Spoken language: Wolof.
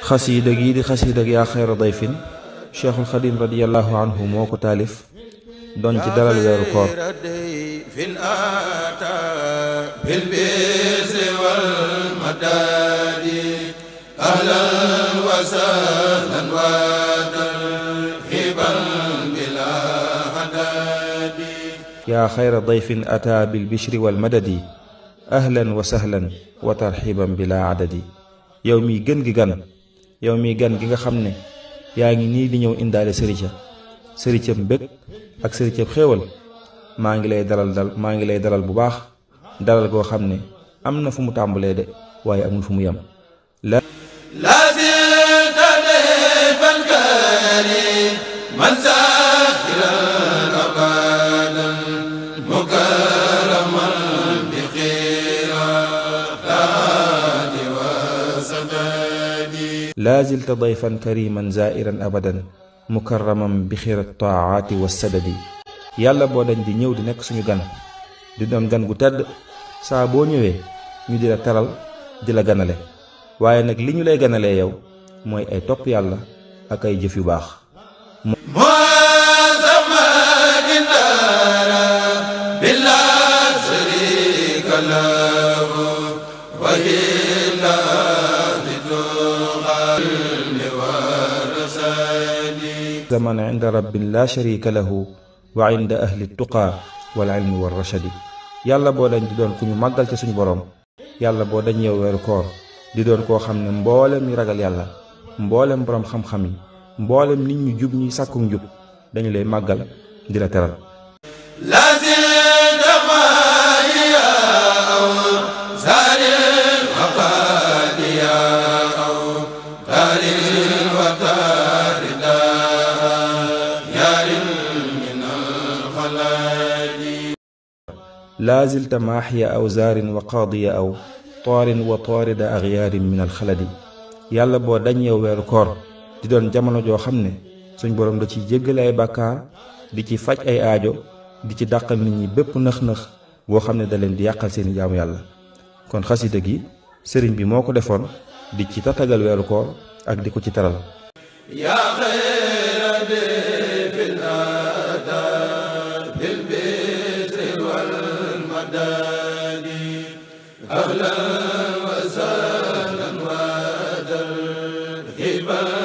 خسيد جيدة خسيدة يا خير ضيف شيخ الخديم رضي الله عنه موك تالف دون جدال الغير قور بالبيز والمداد أهلا وسهلا وادا هبا بلا هداد يا خير ضيف أتى بالبشر والمدد أهلا وسهلا وترحيبا بلا عدد yow mii gën gi gan yow mii gan gi nga xam ne yaa ngi nii di ñëw indaale sërica sëricëb mbëgg ak sëricëb xéewal maa ngi lay dalal dal maa ngi lay dalal bu baax dalal koo xam ne am na fu mu tàmbalee de waaye amul fu mu yem man sa laa zilta dayfan kariman zairan abadan mukarramam bi xira taaati wa sadadi yàlla boo dañ di ñëw di nekk suñu gan di doom gan gu tedd saa boo ñëwee ñu di la teral di la ganale waaye nag li ñu lay ganalee yow mooy ay topp yàlla ak ay jëf yu baax fawzta man inda rabbin laa sharika lahu wa inda ahli tuqaa wal ilmi war rashadi yàlla boo dañ di doon ku ñu màggal ca suñu boroom yàlla boo dañ yow weeru koor di doon koo xam ne mboolem ñu ragal yàlla mbooleem boroom xam-xam yi mboolem nit ñu jub ñuy sàkku njub dañu lay màggal di la teral laa zilta maaxiya aw zaarin wa qaadiya aw toorin wa toorida axyaarin min alxaladi yàlla boo dañ yow weeru koor di doon jamono joo xam ne suñ boroom da ci jéggale ay bàkkaar di ci faj ay aajo di ci dàqal nit ñi bépp nëx-nëx boo xam ne da leen di yàqal seeni jaamu yàlla kon xasida gi sëriñ bi moo ko defoon di ci tatagal weeru koor ak di ko ci taral أهلا وسهلا وترحبا